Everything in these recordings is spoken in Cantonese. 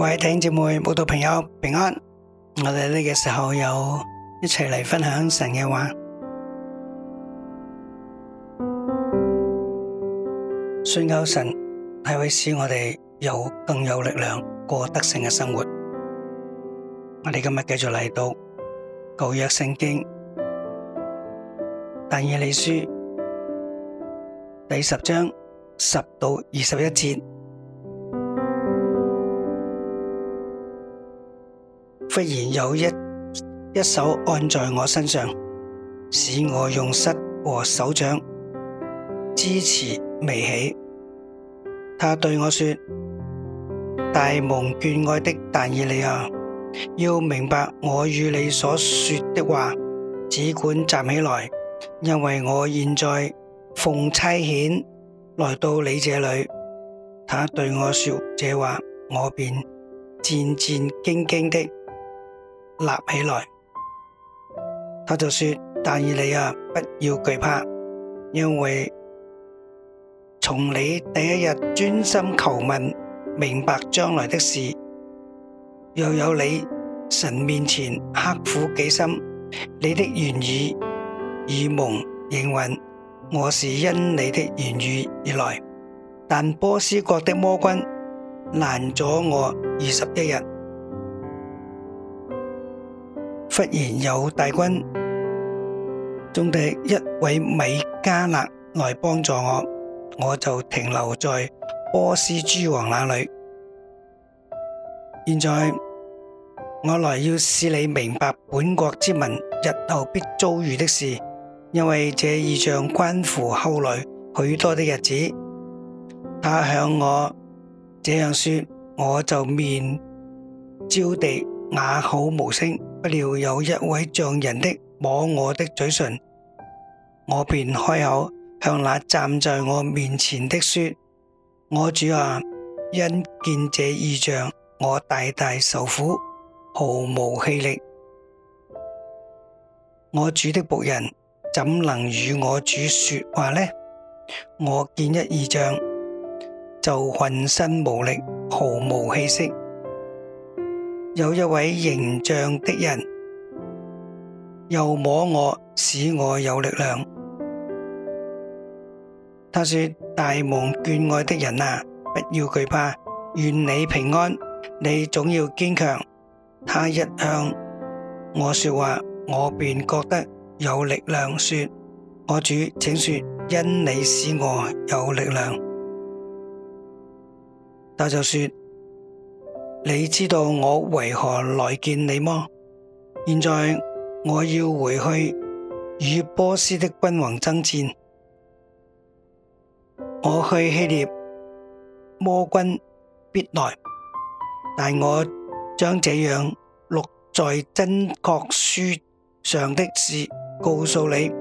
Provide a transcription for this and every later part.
各位弟兄姐妹、基督徒朋友平安！我哋呢個時候又，一齊嚟分享神嘅話，宣告神係會使我哋有更有力量過得勝嘅生活。我哋今日繼續嚟讀舊約聖經但以理書第十章十到二十一節。忽然有一一手按在我身上，使我用膝和手掌支持微起。他對我說：大蒙眷愛的但以理啊，要明白我與你所說的話，只管站起來，因為我現在奉差遣來到你這裏。他對我說這話，我便戰戰兢兢的。立起來，他就說：但以理啊，不要懼怕，因為從你第一日專心求問，明白將來的事，又有你神面前刻苦己心，你的言語以蒙應允，我是因你的言語而來。但波斯國的魔君難阻我二十一日。不然忽有大軍中的一位米迦勒來幫助我，我就停留在波斯諸王那裏。現在我來要使你明白本國之民日後必遭遇的事，因為這異象關乎後來許多的日子。他向我這樣說，我就面朝地啞口無聲。不料有一位像人的摸我的嘴唇，我便開口向那站在我面前的說：我主啊，因見這異象，我大大受苦，毫無氣力。我主的僕人怎能與我主說話呢？我見一異象，就渾身無力，毫無氣息。有一位形象的人又摸我，使我有力量。他說：大蒙眷愛的人啊，不要懼怕，願你平安，你總要堅強。他一向我說話，我便覺得有力量。說：我主，請說，因你使我有力量。他就說。你知道我為何來見你麼？現在我要回去與波斯的君王爭戰。我去希臘，魔君必來，但我將這樣錄在真確書上的事告訴你。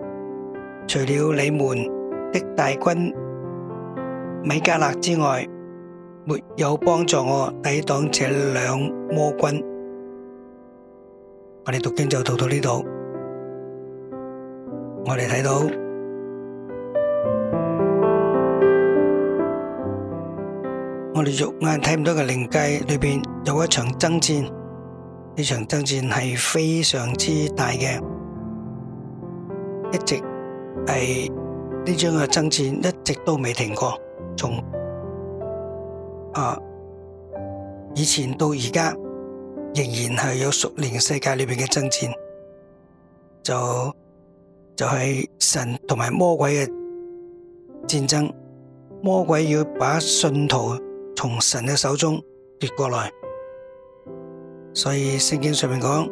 除了你們的大君米迦勒之外。沒有幫助我抵擋這兩魔君。我哋讀經就讀到呢度，我哋睇到，我哋肉眼睇唔到嘅靈界裏邊有一場爭戰，呢場爭戰係非常之大嘅，一直係呢場嘅爭戰，一直都未停過，從。啊、以前到而家，仍然係有熟年世界裏邊嘅爭戰，就就係、是、神同埋魔鬼嘅戰爭。魔鬼要把信徒從神嘅手中奪過來，所以聖經上面講，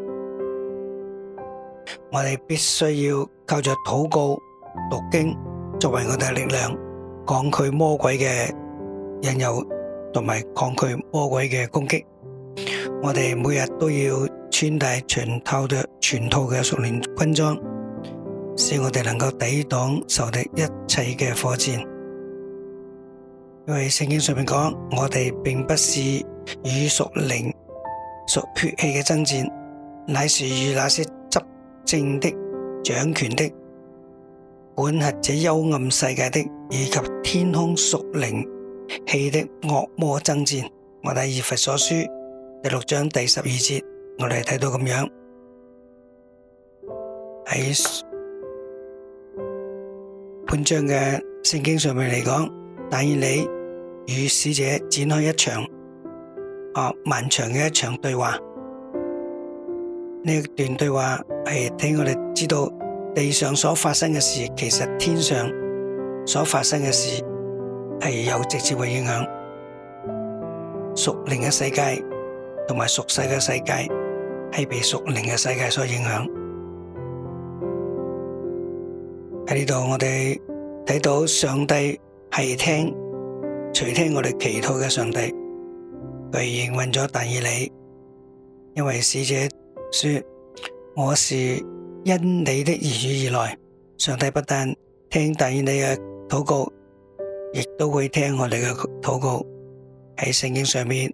我哋必須要靠着禱告、讀經作為我哋嘅力量，講佢魔鬼嘅引誘。同埋抗拒魔鬼嘅攻擊，我哋每日都要穿戴全套嘅全套嘅屬靈軍裝，使我哋能夠抵擋仇敵一切嘅火箭。因為聖經上面講，我哋並不是與屬靈、屬血氣嘅爭戰，乃是與那些執政的、掌權的、管轄這幽暗世界的以及天空屬靈。氣的惡魔爭戰，我睇以弗所書第六章第十二節。我哋睇到咁樣，喺本章嘅聖經上面嚟講，但以理與使者展開一場啊漫長嘅一場對話。呢一段對話係俾我哋知道地上所發生嘅事，其實天上所發生嘅事，係有直接嘅影響，屬靈嘅世界同埋屬世嘅世界係被屬靈嘅世界所影響。喺呢度，我哋睇到上帝係聽，垂聽我哋祈禱嘅上帝，佢應允咗但以理，因為使者說我是因你的言語而來。上帝不但聽但以理嘅禱告。亦都會聽我哋嘅禱告。喺聖經上面，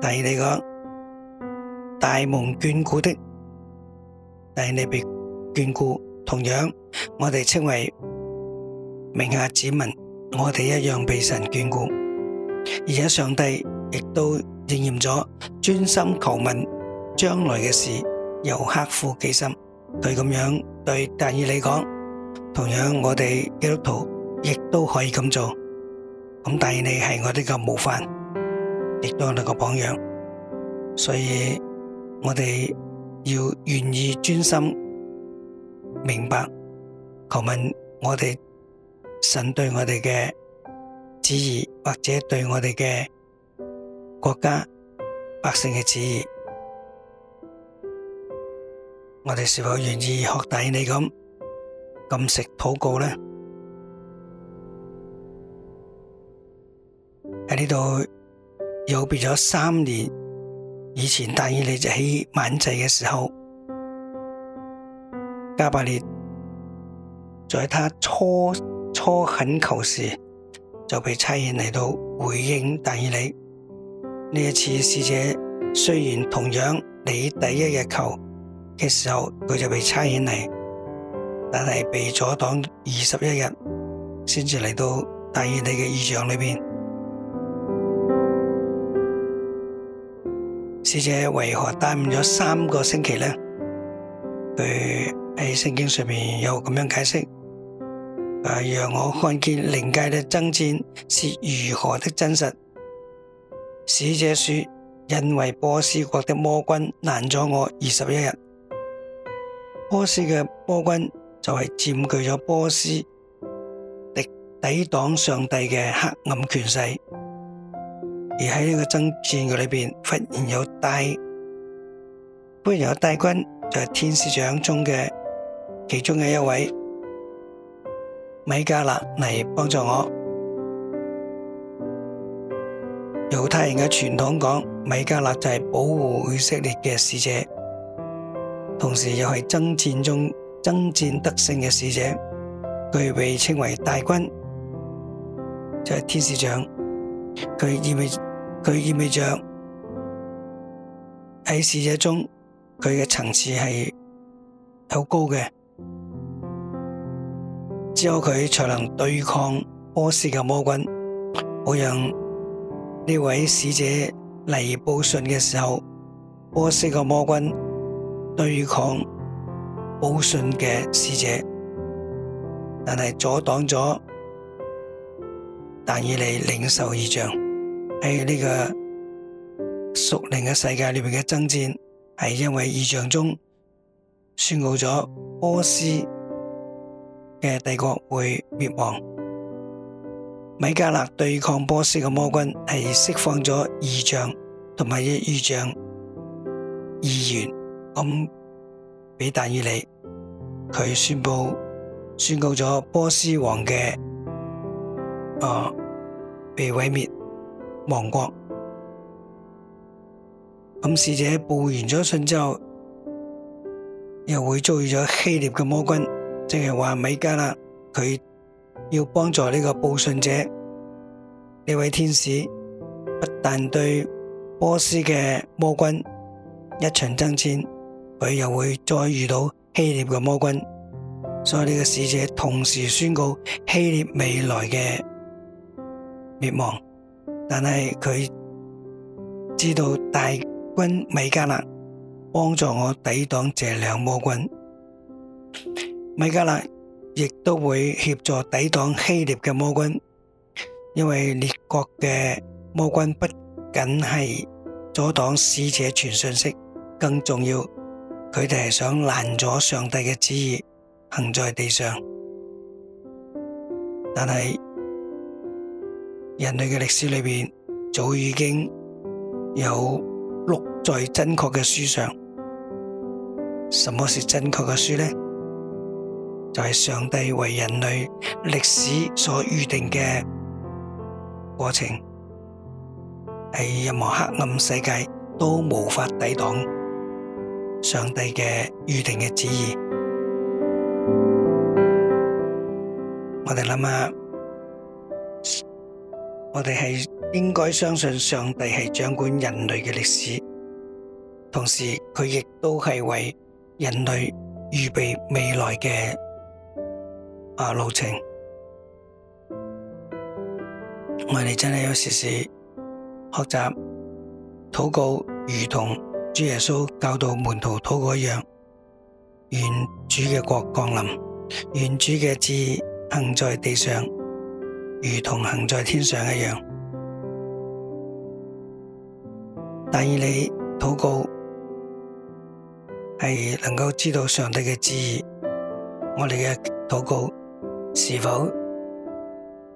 但以理講大蒙眷顧的，但以理被眷顧。同樣，我哋稱為名下子民，我哋一樣被神眷顧。而家上帝亦都應驗咗專心求問將來嘅事，又刻苦己心。佢咁樣，對但以理講，同樣我哋基督徒，亦都可以咁做，咁但以理你係我哋嘅模範，亦都係我哋嘅榜樣，所以我哋要願意專心明白，求問我哋神對我哋嘅旨意，或者對我哋嘅國家百姓嘅旨意，我哋是否願意學但以理你咁禁食禱告咧？喺呢度又別咗三年。以前大以利就喺晚祭嘅時候，加百列在他初初懇求時就被差遣嚟到回應大以利。呢一次使者雖然同樣你第一日求嘅時候，佢就被差遣嚟，但係被阻擋二十一日先至嚟到大以利嘅意象裏邊。使者為何耽誤咗三個星期呢？佢喺聖經上面有咁樣解釋：讓我看見靈界嘅爭戰是如何的真實。使者說，因為波斯國的魔君難咗我二十一日。波斯嘅魔君就係佔據咗波斯，敵抵擋上帝嘅黑暗權勢。而喺呢個爭戰嘅裏面，忽然有大，忽然有大軍，就係天使長中嘅其中嘅一位米迦勒嚟幫助我。猶太人嘅傳統講，米迦勒就係保護以色列嘅使者，同時又係爭戰中爭戰得勝嘅使者，佢被稱為大軍，就係天使長，佢意味。佢意味着喺使者中，佢嘅層次係好高嘅，只有佢才能對抗波斯嘅魔君。我讓呢位使者嚟報信嘅時候，波斯嘅魔君對抗報信嘅使者，但係阻擋咗，但以理領受異象。喺呢個屬靈嘅世界裏面嘅爭戰，係因為異象中宣告咗波斯嘅帝國會滅亡。米迦勒對抗波斯嘅魔軍，係釋放咗異象同埋嘅異象意念，咁比大於你。佢宣布宣告咗波斯王嘅，誒、啊，被毀滅。亡國，咁使者報完咗信之後，又會遭遇咗希臘嘅魔軍，即係話米迦勒，佢要幫助呢個報信者呢位天使，不但對波斯嘅魔軍一場爭戰，佢又會再遇到希臘嘅魔軍，所以呢個使者同時宣告希臘未來嘅滅亡。但係佢知道大軍米迦勒幫助我抵擋這兩魔軍，米迦勒亦都會協助抵擋希臘嘅魔軍，因為列國嘅魔軍不僅係阻擋使者傳信息，更重要佢哋係想攔咗上帝嘅旨意行在地上，但係。人類嘅歷史裏邊，早已經有錄在真確嘅書上。什麼是真確嘅書呢？就係、是、上帝為人類歷史所預定嘅過程，係任何黑暗世界都無法抵擋上帝嘅預定嘅旨意。我哋諗下。我哋係應該相信上帝係掌管人類嘅歷史，同時佢亦都係為人類預備未來嘅路程。我哋真係要時時學習禱告，如同主耶穌教導門徒禱告一樣，願主嘅國降臨，願主嘅旨意行在地上。如同行在天上一樣，但願，你禱告係能夠知道上帝嘅旨意，我哋嘅禱告是否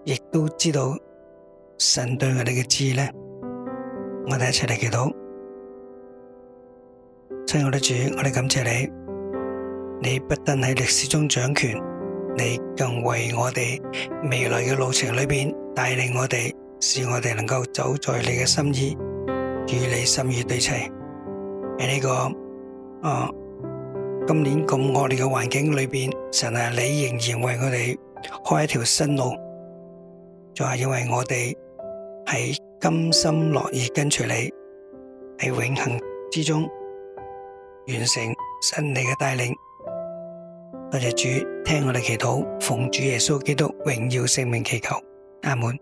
亦都知道神對我哋嘅旨意呢？我哋一齊嚟祈禱。親愛的主，我哋感謝你，你不但喺歷史中掌權。你更為我哋未來嘅路程裏邊帶領我哋，使我哋能夠走在你嘅心意，與你心意對齊。喺呢個啊今年咁惡劣嘅環境裏邊，神啊，你仍然為我哋開一條新路，仲係因為我哋喺甘心樂意跟隨你，喺永恆之中完成神你嘅帶領。多謝主聽我哋祈禱，奉主耶穌基督榮耀聖名祈求，阿門。